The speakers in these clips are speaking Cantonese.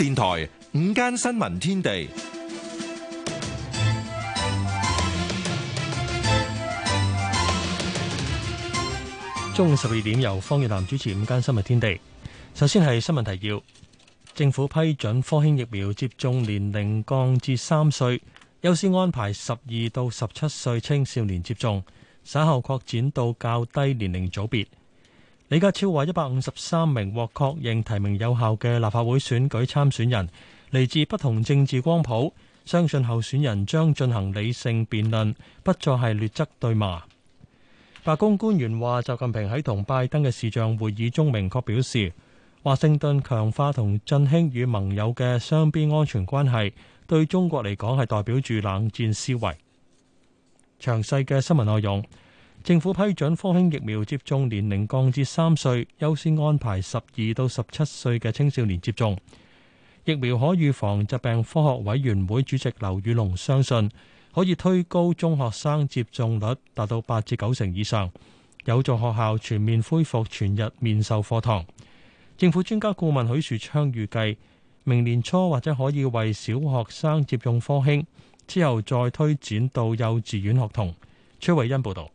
電台午間新聞天地，中午十二點由方月南主持《午間新聞天地》。首先係新聞提要：政府批准科興疫苗接種年齡降至三歲，優先安排十二到十七歲青少年接種，稍後擴展到較低年齡組別。李家超話：一百五十三名獲確認提名有效嘅立法會選舉參選人嚟自不同政治光譜，相信候選人將進行理性辯論，不再係劣質對罵。白宮官員話：習近平喺同拜登嘅視像會議中明確表示，華盛頓強化同振興與盟友嘅雙邊安全關係，對中國嚟講係代表住冷戰思維。詳細嘅新聞內容。政府批准科興疫苗接種年齡降至三歲，優先安排十二到十七歲嘅青少年接種。疫苗可預防疾病科學委員會主席劉宇龍相信可以推高中學生接種率達到八至九成以上，有助學校全面恢復全日面授課堂。政府專家顧問許樹昌預計明年初或者可以為小學生接種科興，之後再推展到幼稚園學童。崔慧欣報道。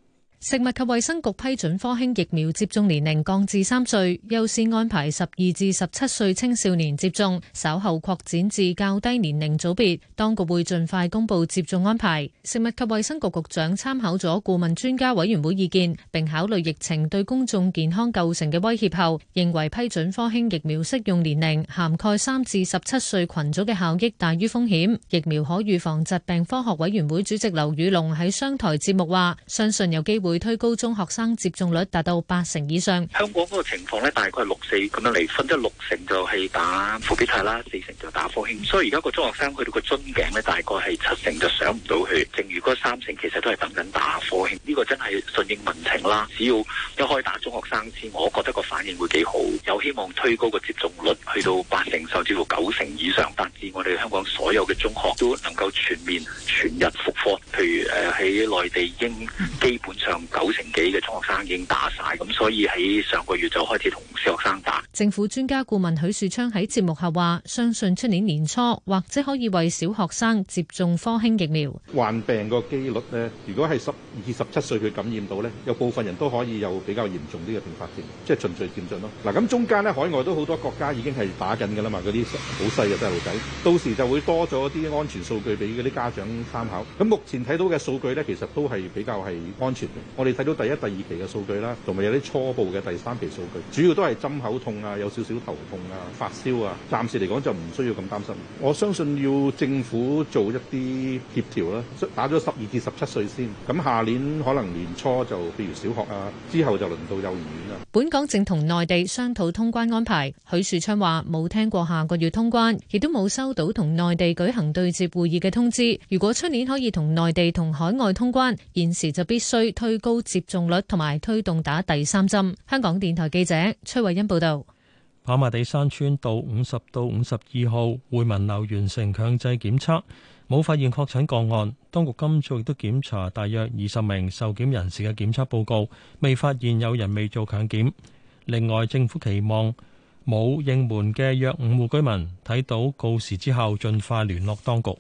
食物及衛生局批准科興疫苗接種年齡降至三歲，優先安排十二至十七歲青少年接種，稍後擴展至較低年齡組別。當局會盡快公布接種安排。食物及衛生局局長參考咗顧問專家委員會意見，並考慮疫情對公眾健康構成嘅威脅後，認為批准科興疫苗適用年齡涵蓋三至十七歲群組嘅效益大於風險。疫苗可預防疾病科學委員會主席劉宇龍喺商台節目話：相信有機會。推高中學生接種率達到八成以上，香港嗰個情況咧，大概六四咁樣嚟分即係六成就係打復必泰啦，四成就打科興。所以而家個中學生去到個樽頸咧，大概係七成就上唔到去，剩餘嗰三成其實都係等緊打科興。呢、這個真係順應民情啦。只要一開打中學生先，我覺得個反應會幾好，有希望推高個接種率去到八成，甚至乎九成以上，達至我哋香港所有嘅中學都能夠全面全日復課。譬如誒喺、呃、內地應基本上。九成幾嘅中學生已經打晒，咁所以喺上個月就開始同小學生打。政府專家顧問許樹昌喺節目下話，相信出年年初或者可以為小學生接種科興疫苗。患病個機率呢，如果係十二十七歲佢感染到呢，有部分人都可以有比較嚴重啲嘅併發症，即係循序漸進咯。嗱、啊，咁中間呢，海外都好多國家已經係打緊㗎啦嘛，嗰啲好細嘅細路仔，到時就會多咗啲安全數據俾嗰啲家長參考。咁目前睇到嘅數據呢，其實都係比較係安全我哋睇到第一、第二期嘅數據啦，同埋有啲初步嘅第三期數據，主要都係針口痛啊，有少少頭痛啊、發燒啊，暫時嚟講就唔需要咁擔心。我相信要政府做一啲協調啦，打咗十二至十七歲先，咁下年可能年初就譬如小學啊，之後就輪到幼兒園啦。本港正同內地商討通關安排，許樹昌話冇聽過下個月通關，亦都冇收到同內地舉行對接會議嘅通知。如果出年可以同內地同海外通關，現時就必須推。最高接種率同埋推動打第三針。香港電台記者崔慧欣報道。跑馬地山村道五十到五十二號會民樓完成強制檢測，冇發現確診個案。當局今早亦都檢查大約二十名受檢人士嘅檢測報告，未發現有人未做強檢。另外，政府期望冇應門嘅約五戶居民睇到告示之後，盡快聯絡當局。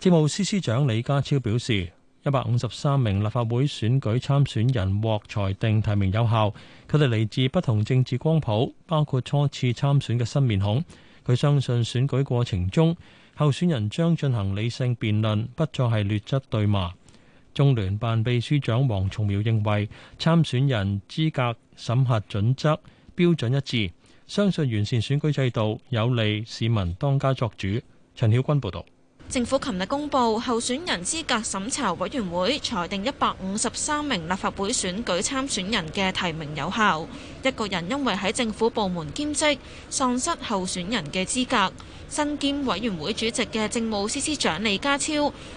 政務司司長李家超表示。一百五十三名立法會選舉參選人獲裁定提名有效，佢哋嚟自不同政治光譜，包括初次參選嘅新面孔。佢相信選舉過程中，候選人將進行理性辯論，不再係劣質對罵。中聯辦秘書長黃崇苗認為，參選人資格審核準則標準一致，相信完善選舉制度有利市民當家作主。陳曉君報導。政府琴日公布候選人資格審查委員會裁定一百五十三名立法會選舉參選人嘅提名有效，一個人因為喺政府部門兼職喪失候選人嘅資格。身兼委員會主席嘅政務司司長李家超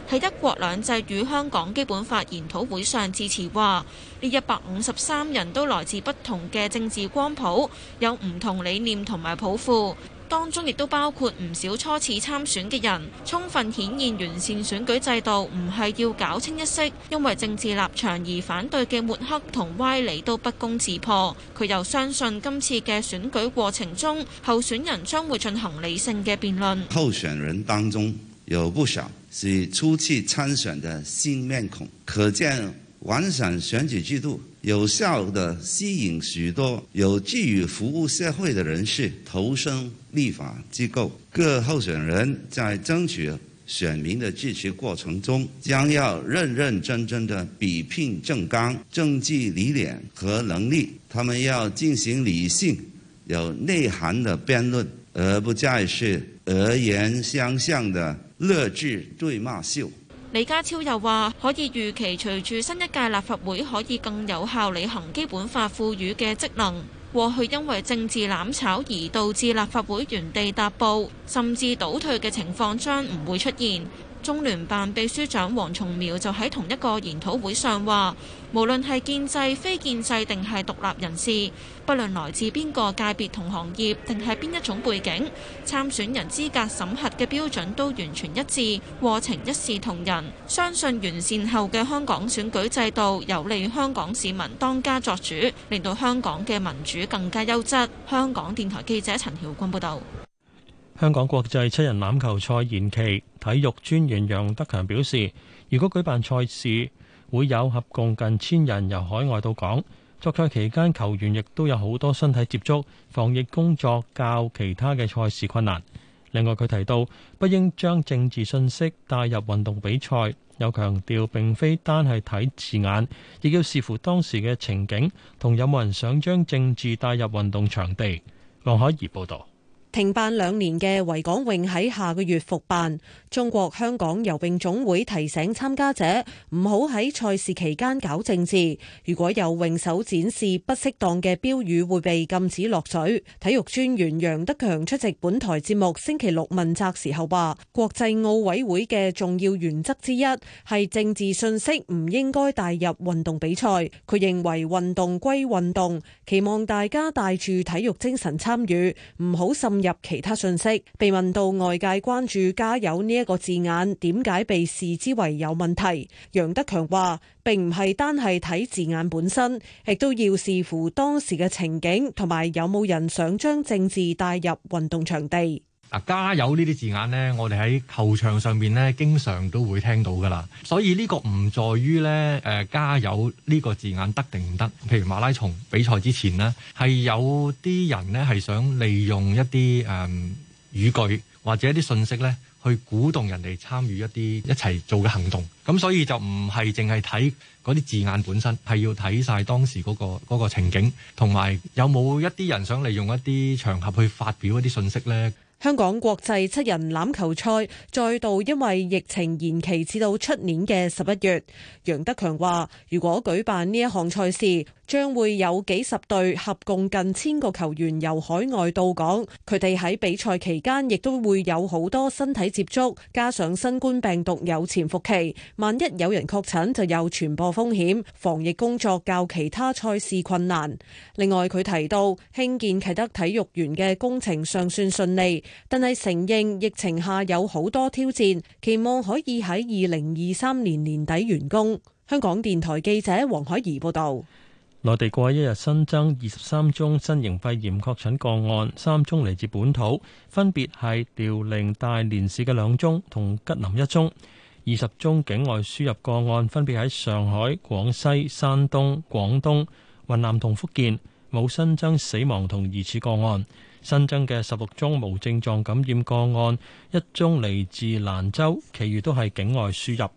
喺一國兩制與香港基本法研討會上致辭話：呢一百五十三人都來自不同嘅政治光譜，有唔同理念同埋抱負。當中亦都包括唔少初次參選嘅人，充分顯現完善選舉制度唔係要搞清一色，因為政治立場而反對嘅抹黑同歪理都不攻自破。佢又相信今次嘅選舉過程中，候選人將會進行理性嘅辯論。候選人當中有不少是初次參選嘅新面孔，可見完善選舉制度，有效地吸引許多有志於服務社會的人士投身立法機構，各候選人在爭取選民的支持過程中，將要認認真真的比拼政綱、政績、理念和能力。他們要進行理性、有內涵的辯論，而不再是惡言相向的惡質對罵秀。李家超又話：可以預期，隨住新一屆立法會可以更有效履行基本法賦予嘅職能，過去因為政治攬炒而導致立法會原地踏步，甚至倒退嘅情況將唔會出現。中聯辦秘書長王松苗就喺同一個研討會上話：，無論係建制、非建制定係獨立人士，不論來自邊個界別同行業，定係邊一種背景，參選人資格審核嘅標準都完全一致，過程一視同仁。相信完善後嘅香港選舉制度有利香港市民當家作主，令到香港嘅民主更加優質。香港電台記者陳曉君報道。香港國際七人欖球賽延期。體育專員楊德強表示，如果舉辦賽事，會有合共近千人由海外到港，作賽期間，球員亦都有好多身體接觸，防疫工作較其他嘅賽事困難。另外，佢提到不應將政治信息帶入運動比賽，又強調並非單係睇字眼，亦要視乎當時嘅情景同有冇人想將政治帶入運動場地。王海怡報導。停辦兩年嘅維港泳喺下個月復辦。中國香港游泳總會提醒參加者唔好喺賽事期間搞政治。如果有泳手展示不適當嘅標語，會被禁止落水。體育專員楊德強出席本台節目星期六問責時候話，國際奧委會嘅重要原則之一係政治信息唔應該帶入運動比賽。佢認為運動歸運動，期望大家帶住體育精神參與，唔好滲。入其他信息，被問到外界關注加油呢一個字眼，點解被視之為有問題？楊德強話，並唔係單係睇字眼本身，亦都要視乎當時嘅情景，同埋有冇人想將政治帶入運動場地。啊、加油呢啲字眼呢，我哋喺球場上面呢，經常都會聽到噶啦。所以呢個唔在於呢，誒、呃、加油呢個字眼得定唔得？譬如馬拉松比賽之前呢，係有啲人呢係想利用一啲誒、嗯、語句或者一啲信息呢，去鼓動人哋參與一啲一齊做嘅行動。咁所以就唔係淨係睇嗰啲字眼本身，係要睇晒當時嗰個嗰個情景，同埋有冇一啲人想利用一啲場合去發表一啲信息呢。香港國際七人欖球賽再度因為疫情延期至到出年嘅十一月。楊德強話：如果舉辦呢一項賽事，將會有幾十隊合共近千個球員由海外到港，佢哋喺比賽期間亦都會有好多身體接觸，加上新冠病毒有潛伏期，萬一有人確診就有傳播風險，防疫工作較其他賽事困難。另外，佢提到興建啟德體育園嘅工程尚算順利。但係承認疫情下有好多挑戰，期望可以喺二零二三年年底完工。香港電台記者黃海怡報道：內地過去一日新增二十三宗新型肺炎確診個案，三宗嚟自本土，分別係遼寧大連市嘅兩宗同吉林一宗；二十宗境外輸入個案分別喺上海、廣西、山東、廣東、雲南同福建，冇新增死亡同疑似個案。新增嘅十六宗無症狀感染個案，一宗嚟自蘭州，其餘都係境外輸入。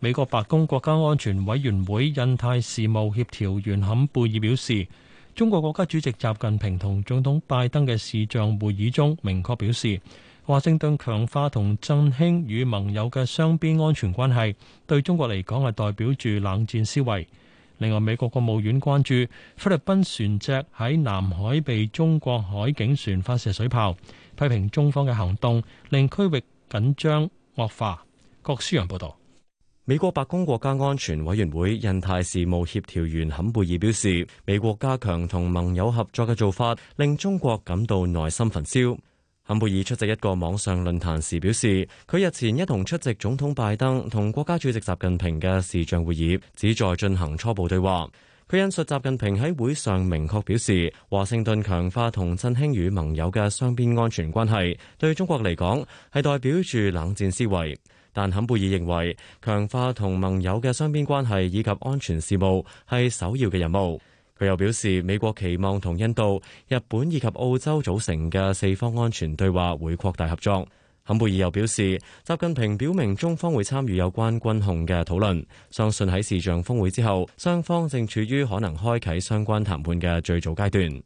美國白宮國家安全委員會印太事務協調員坎貝爾表示，中國國家主席習近平同總統拜登嘅視像會議中，明確表示，華盛頓強化同振興與盟友嘅雙邊安全關係，對中國嚟講係代表住冷戰思維。另外，美國國務院關注菲律賓船隻喺南海被中國海警船發射水炮，批評中方嘅行動，令區域緊張惡化。郭舒揚報導，美國白宮國家安全委員會印太事務協調員坎貝爾表示，美國加強同盟友合作嘅做法，令中國感到內心焚燒。坎貝爾出席一個網上論壇時表示，佢日前一同出席總統拜登同國家主席習近平嘅視像會議旨在進行初步對話，佢引述習近平喺會上明確表示，華盛頓強化同振興與盟友嘅雙邊安全關係對中國嚟講，係代表住冷戰思維，但坎貝爾認為強化同盟友嘅雙邊關係以及安全事務係首要嘅任務。佢又表示，美國期望同印度、日本以及澳洲組成嘅四方安全對話會擴大合作。坎貝爾又表示，習近平表明中方會參與有關軍控嘅討論，相信喺視像峰會之後，雙方正處於可能開啟相關談判嘅最早階段。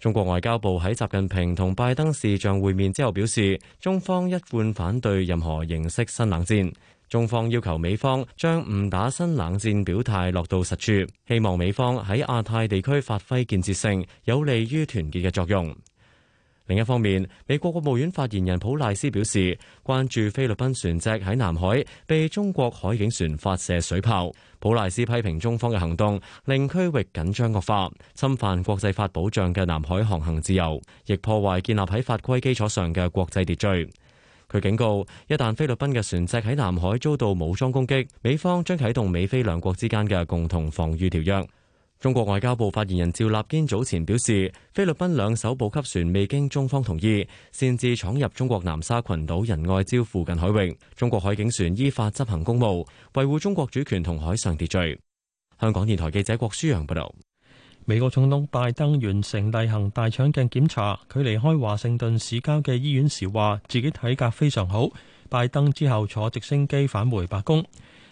中國外交部喺習近平同拜登視像會面之後表示，中方一貫反對任何形式新冷戰。中方要求美方將唔打新冷戰表態落到實處，希望美方喺亞太地區發揮建設性、有利於團結嘅作用。另一方面，美國國務院發言人普賴斯表示，關注菲律賓船隻喺南海被中國海警船發射水炮。普賴斯批評中方嘅行動令區域緊張惡化，侵犯國際法保障嘅南海航行自由，亦破壞建立喺法規基礎上嘅國際秩序。佢警告，一旦菲律賓嘅船隻喺南海遭到武裝攻擊，美方將啟動美菲兩國之間嘅共同防御條約。中國外交部發言人趙立堅早前表示，菲律賓兩艘補給船未經中方同意，擅自闖入中國南沙群島仁愛礁附近海域，中國海警船依法執行公務，維護中國主權同海上秩序。香港電台記者郭舒陽報道。美國總統拜登完成例行大腸鏡檢查，佢離開華盛頓市郊嘅醫院時話自己體格非常好。拜登之後坐直升機返回白宮。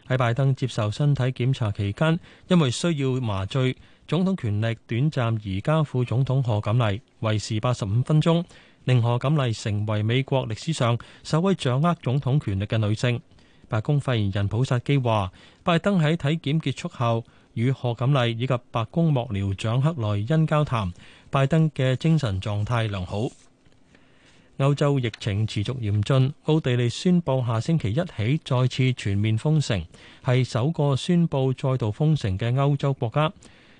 喺拜登接受身體檢查期間，因為需要麻醉，總統權力短暫移交副總統賀錦麗，維持八十五分鐘，令賀錦麗成為美國歷史上首位掌握總統權力嘅女性。白宮發言人普薩基話：拜登喺體檢結束後，與賀錦麗以及白宮幕僚長克萊恩交談，拜登嘅精神狀態良好。歐洲疫情持續嚴峻，奧地利宣布下星期一起再次全面封城，係首個宣布再度封城嘅歐洲國家。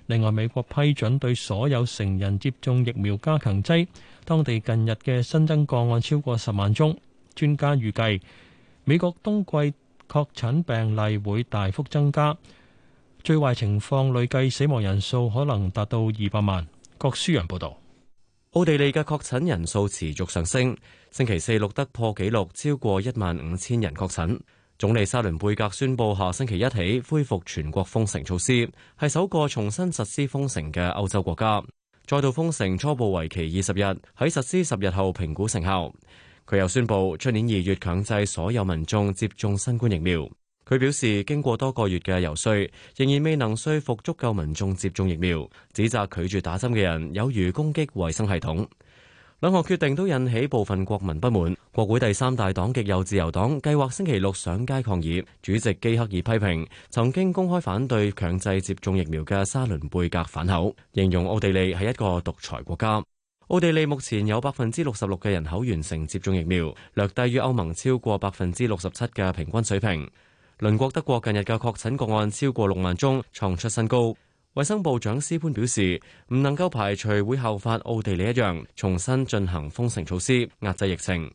另外，美國批准對所有成人接種疫苗加強劑。當地近日嘅新增個案超過十萬宗，專家預計美國冬季確診病例會大幅增加。最壞情況，累計死亡人數可能達到二百萬。郭書洋報道。奧地利嘅確診人數持續上升，星期四錄得破紀錄，超過一萬五千人確診。總理沙倫貝格宣布，下星期一起恢復全國封城措施，係首個重新實施封城嘅歐洲國家。再度封城初步為期二十日，喺實施十日後評估成效。佢又宣布，出年二月強制所有民眾接種新冠疫苗。佢表示，經過多個月嘅游說，仍然未能說服足夠民眾接種疫苗，指責拒絕打針嘅人有如攻擊衞生系統。兩項決定都引起部分國民不滿。國會第三大黨極右自由黨計劃星期六上街抗議。主席基克爾批評曾經公開反對強制接種疫苗嘅沙倫貝格反口，形容奧地利係一個獨裁國家。奧地利目前有百分之六十六嘅人口完成接種疫苗，略低於歐盟超過百分之六十七嘅平均水平。鄰國德國近日嘅確診個案超過六萬宗，創出新高。衛生部長施潘表示，唔能夠排除會效法奧地利一樣重新進行封城措施，壓制疫情。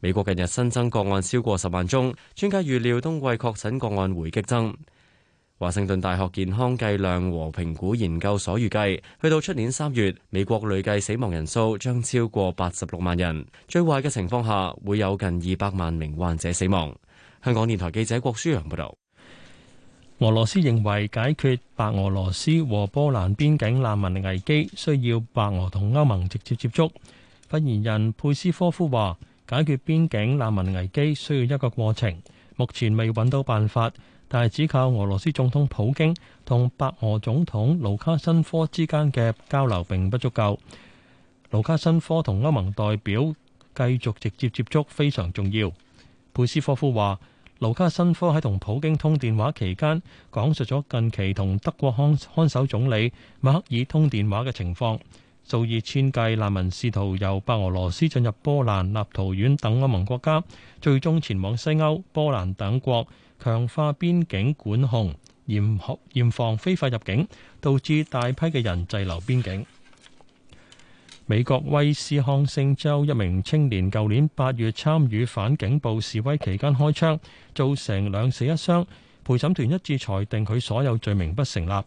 美國近日新增個案超過十萬宗，專家預料冬季確診個案會激增。華盛頓大學健康計量和評估研究所預計，去到出年三月，美國累計死亡人數將超過八十六萬人。最壞嘅情況下，會有近二百萬名患者死亡。香港電台記者郭舒陽報道。俄羅斯認為解決白俄羅斯和波蘭邊境難民危機需要白俄同歐盟直接接觸。發言人佩斯科夫話。解決邊境難民危機需要一個過程，目前未揾到辦法，但係只靠俄羅斯總統普京同白俄總統盧卡申科之間嘅交流並不足夠。盧卡申科同歐盟代表繼續直接接觸非常重要。佩斯科夫話：盧卡申科喺同普京通電話期間，講述咗近期同德國看看守總理默克爾通電話嘅情況。數以千計難民試圖由白俄羅斯進入波蘭、立陶宛等歐盟國家，最終前往西歐、波蘭等國。強化邊境管控，嚴苛嚴防非法入境，導致大批嘅人滯留邊境。美國威斯康星州一名青年，舊年八月參與反警暴示威期間開槍，造成兩死一傷。陪審團一致裁定佢所有罪名不成立。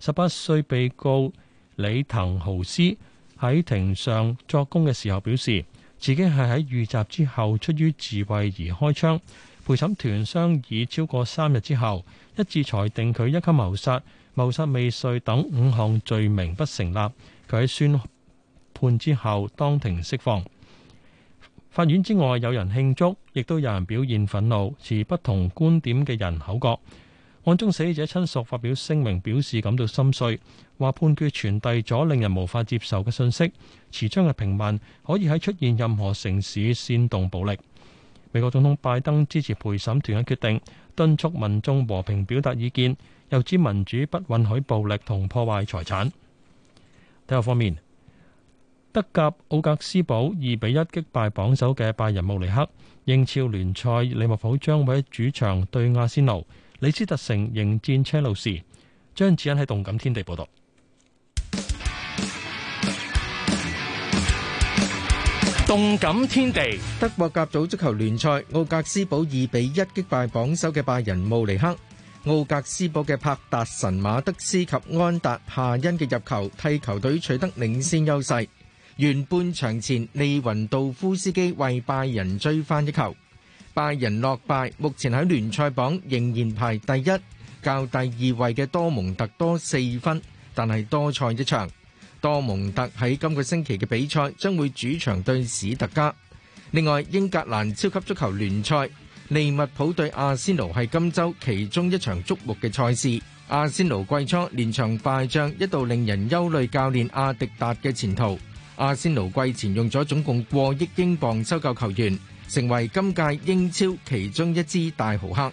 十八歲被告，李騰豪斯喺庭上作供嘅時候表示，自己係喺遇襲之後出於自衛而開槍，陪審團商議超過三日之後，一致裁定佢一級謀殺，謀殺未遂等五項罪名不成立。佢喺宣判之後當庭釋放。法院之外有人慶祝，亦都有人表現憤怒，持不同觀點嘅人口角。案中死者親屬發表聲明，表示感到心碎，話判決傳遞咗令人無法接受嘅信息。持槍嘅平民可以喺出現任何城市煽動暴力。美國總統拜登支持陪審團嘅決定，敦促民眾和平表達意見，又指民主不允許暴力同破壞財產。體育方面，德甲奧格斯堡二比一擊敗榜首嘅拜仁慕尼黑。英超聯賽利物浦將會喺主場對阿仙奴。李斯特城迎戰車路士，張子欣喺動感天地報道。動感天地，天地德國甲組足球聯賽奧格斯堡二比一擊敗榜首嘅拜仁慕尼黑。奧格斯堡嘅帕達神馬德斯及安達夏恩嘅入球替球隊取得領先優勢。完半場前，利雲道夫斯基為拜仁追翻一球。拜仁落敗，目前喺聯賽榜仍然排第一，較第二位嘅多蒙特多四分，但係多賽一場。多蒙特喺今個星期嘅比賽將會主場對史特加。另外，英格蘭超級足球聯賽利物浦對阿仙奴係今周其中一場矚目嘅賽事。阿仙奴季初連場敗仗，一度令人憂慮教練阿迪達嘅前途。阿仙奴季前用咗總共過億英鎊收購球員，成為今屆英超其中一支大豪客。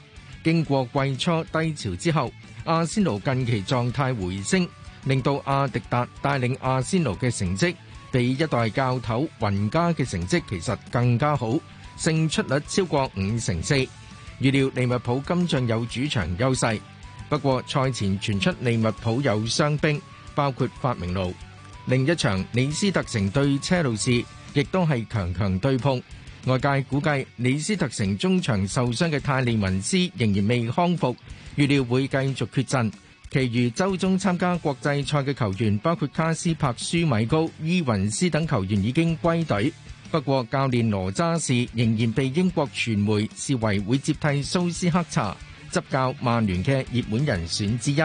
外界估計,李斯特城中場受傷嘅泰利文斯仍然未康復,預料會繼續缺陣。其餘周中參加國際賽嘅球員,包括卡斯柏、舒米高,伊文斯等球員已經歸隊。不過,教練羅渣士仍然被英國傳媒視為會接替蘇斯克查,執教曼聯嘅熱門人選之一。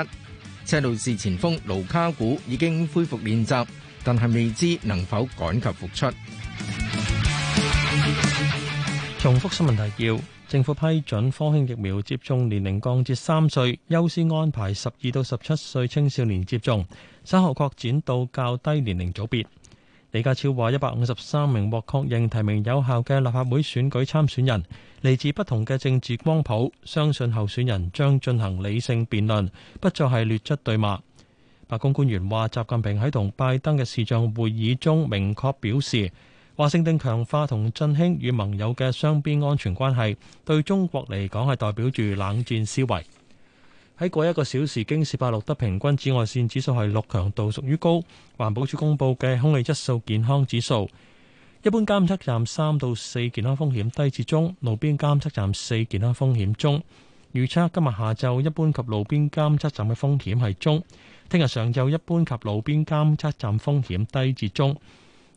車路士前鋒盧卡古已經恢復練習,但係未知能否趕及復出。重複新聞提要：政府批准科興疫苗接種年齡降至三歲，優先安排十二到十七歲青少年接種，稍後擴展到較低年齡組別。李家超話：一百五十三名獲確認提名有效嘅立法會選舉參選人嚟自，不同嘅政治光譜，相信候選人將進行理性辯論，不再係劣質對罵。白宮官員話：習近平喺同拜登嘅視像會議中明確表示，華盛頓強化同振興與盟友嘅雙邊安全關係，對中國嚟講係代表住冷戰思維。喺過一個小時，京士柏錄得平均紫外線指數係六，強度屬於高。環保署公布嘅空氣質素健康指數，一般監測站三到四健康風險低至中，路邊監測站四健康風險中。預測今日下晝一般及路邊監測站嘅風險係中，聽日上晝一般及路邊監測站風險低至中。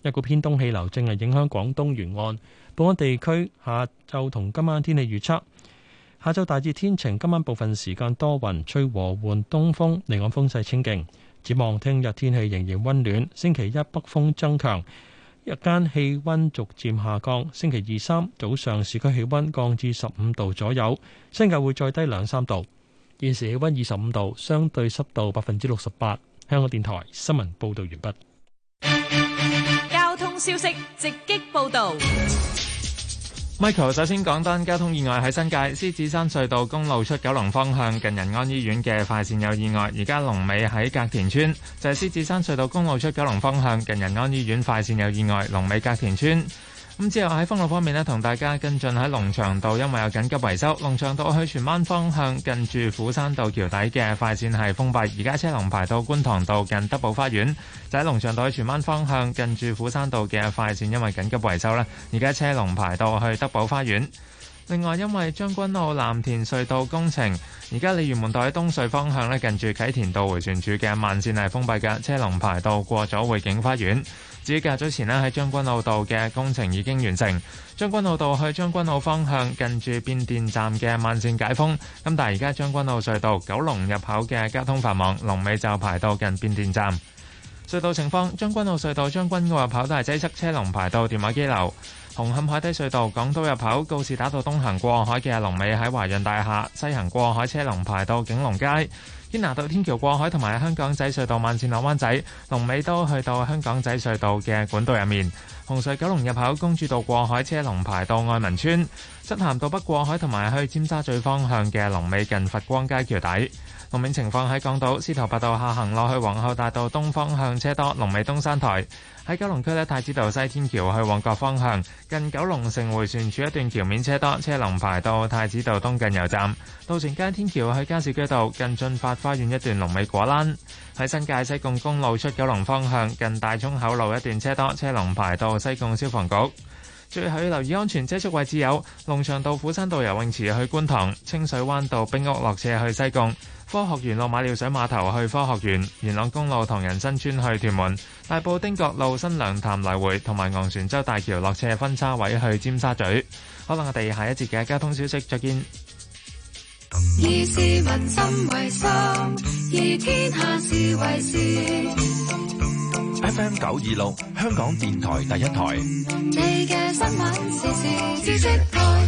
一股偏東氣流正係影響廣東沿岸本港地區，下晝同今晚天氣預測：下晝大致天晴，今晚部分時間多雲，吹和緩東風，離岸風勢清勁。展望聽日天，天氣仍然溫暖，星期一北風增強，日間氣温逐漸下降。星期二三早上市區氣温降至十五度左右，新界會再低兩三度。現時氣温二十五度，相對濕度百分之六十八。香港電台新聞報導完畢。消息直擊報道，Michael 首先講單交通意外。喺新界獅子山隧道公路出九龍方向近仁安醫院嘅快線有意外，而家龍尾喺隔田村。就係獅子山隧道公路出九龍方向近仁安醫院快線有意外，龍尾隔田村。咁之後喺封路方面呢，同大家跟進喺龍翔道，因為有緊急維修。龍翔道去荃灣方向，近住斧山道橋底嘅快線係封閉，而家車龍排到觀塘道近德寶花園。就喺龍翔道去荃灣方向，近住斧山道嘅快線，因為緊急維修咧，而家車龍排到去德寶花園。另外，因為將軍澳藍田隧道工程，而家鯉魚門道喺東隧方向咧，近住啟田道迴旋處嘅慢線係封閉嘅，車龍排到過咗匯景花園。至於較早前咧喺將軍澳道嘅工程已經完成，將軍澳道去將軍澳方向近住變電站嘅慢線解封。咁但係而家將軍澳隧道九龍入口嘅交通繁忙，龍尾就排到近變電站。隧道情況，將軍澳隧道將軍澳入口都係擠塞，車龍排到電話機樓。紅磡海底隧道港島入口告士打道東行過海嘅龍尾喺華潤大廈，西行過海車龍排到景隆街，堅拿道天橋過海同埋香港仔隧道慢線落灣仔龍尾都去到香港仔隧道嘅管道入面，紅隧九龍入口公主道過海車龍排到愛民村，漆咸道北過海同埋去尖沙咀方向嘅龍尾近佛光街橋底。路面情況喺港島司徒拔道下行落去皇后大道東方向車多，龍尾東山台。喺九龍區咧，太子道西天橋去旺角方向，近九龍城迴旋處一段橋面車多，車龍排到太子道東近油站。渡船街天橋去加士居道近進發花園一段龍尾果欄。喺新界，西貢公路出九龍方向近大涌口路一段車多，車龍排到西貢消防局。最後要留意安全車速位置，有龍翔道斧山道游泳池去觀塘清水灣道冰屋落車去西貢，科學園落馬料水碼頭去科學園，元朗公路唐人新村去屯門，大埔汀角路新娘潭來回，同埋昂船洲大橋落斜分叉位去尖沙咀。好啦，我哋下一節嘅交通消息，再見。以市民心為心，以天下事為事。FM 九二六， 26，香港電台第一台。你嘅新聞時事知識台。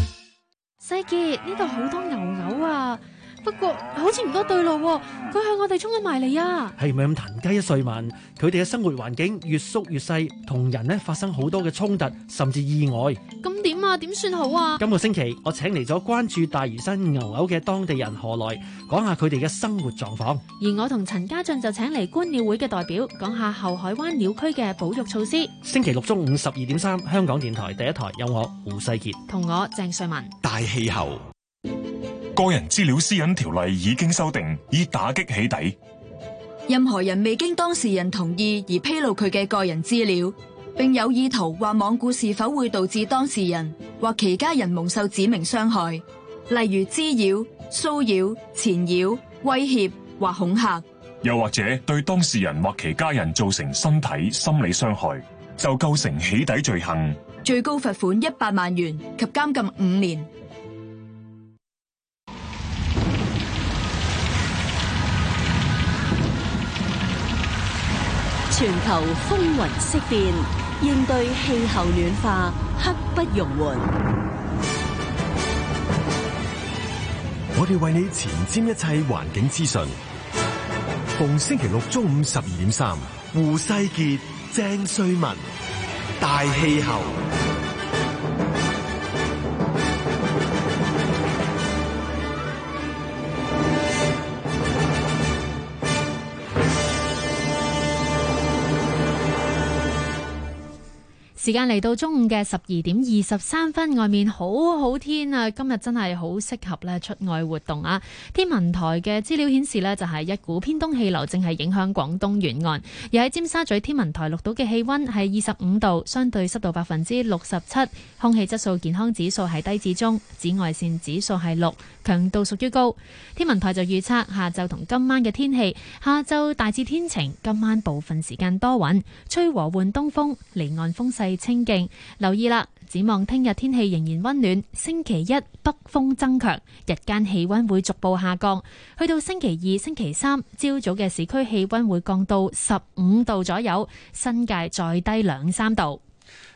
西杰呢度好多牛牛啊！不過好似唔多對路喎，佢向我哋衝緊埋嚟啊！係咪咁？騰雞一歲文，佢哋嘅生活環境越縮越細，同人呢發生好多嘅衝突、甚至意外。咁點啊？點算好啊？今個星期我請嚟咗關注大嶼山牛牛嘅當地人何來，講下佢哋嘅生活狀況。而我同陳家俊就請嚟觀鳥會嘅代表，講下後海灣鳥區嘅保育措施。星期六中午十二點三，香港電台第一台有我胡世杰、同我鄭瑞文大氣候。個人資料私隱條例已經修訂，以打擊起底。任何人未經當事人同意而披露佢嘅個人資料，並有意圖或罔顧是否會導致當事人或其家人蒙受指明傷害，例如滋擾、騷擾、纏擾、威脅或恐吓，又或者對當事人或其家人造成身體、心理傷害，就構成起底罪行，最高罰款一百萬元及監禁五年。全球風雲色變，應對氣候暖化，刻不容緩。我哋為你前瞻一切環境資訊，逢星期六中午十二點三，胡世杰、鄭瑞文，大氣候。時間嚟到中午嘅十二點二十三分，外面好好天啊！今日真係好適合咧出外活動啊！天文台嘅資料顯示呢就係一股偏東氣流正係影響廣東沿岸，而喺尖沙咀天文台錄到嘅氣溫係二十五度，相對濕度百分之六十七，空氣質素健康指數係低至中，紫外線指數係六，強度屬於高。天文台就預測下晝同今晚嘅天氣：下晝大致天晴，今晚部分時間多雲，吹和緩東風，離岸風勢清勁，留意啦！展望聽日天氣仍然溫暖，星期一北風增強，日間氣溫會逐步下降，去到星期二、星期三朝早嘅市區氣溫會降到十五度左右，新界再低兩三度。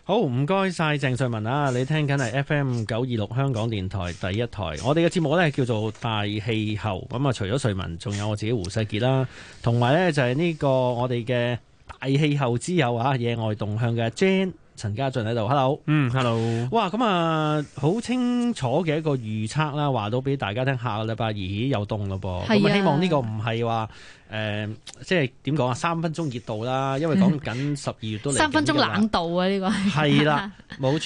好，唔該晒鄭瑞文啊！你聽緊係 F M 九二六香港電台第一台，我哋嘅節目呢叫做大氣候。咁啊，除咗瑞文，仲有我自己胡世傑啦，同埋呢，就係呢個我哋嘅大氣候之友啊，野外動向嘅 Jan。陳家俊喺度，hello，嗯，hello，哇，咁啊，好清楚嘅一個預測啦，話到俾大家聽，下個禮拜二又凍嘞噃，咁啊，希望呢個唔係話，誒、呃，即係點講啊，三分鐘熱度啦，因為講緊十二月都嚟， 三分鐘冷度啊，呢、這個係，係 啦，冇錯。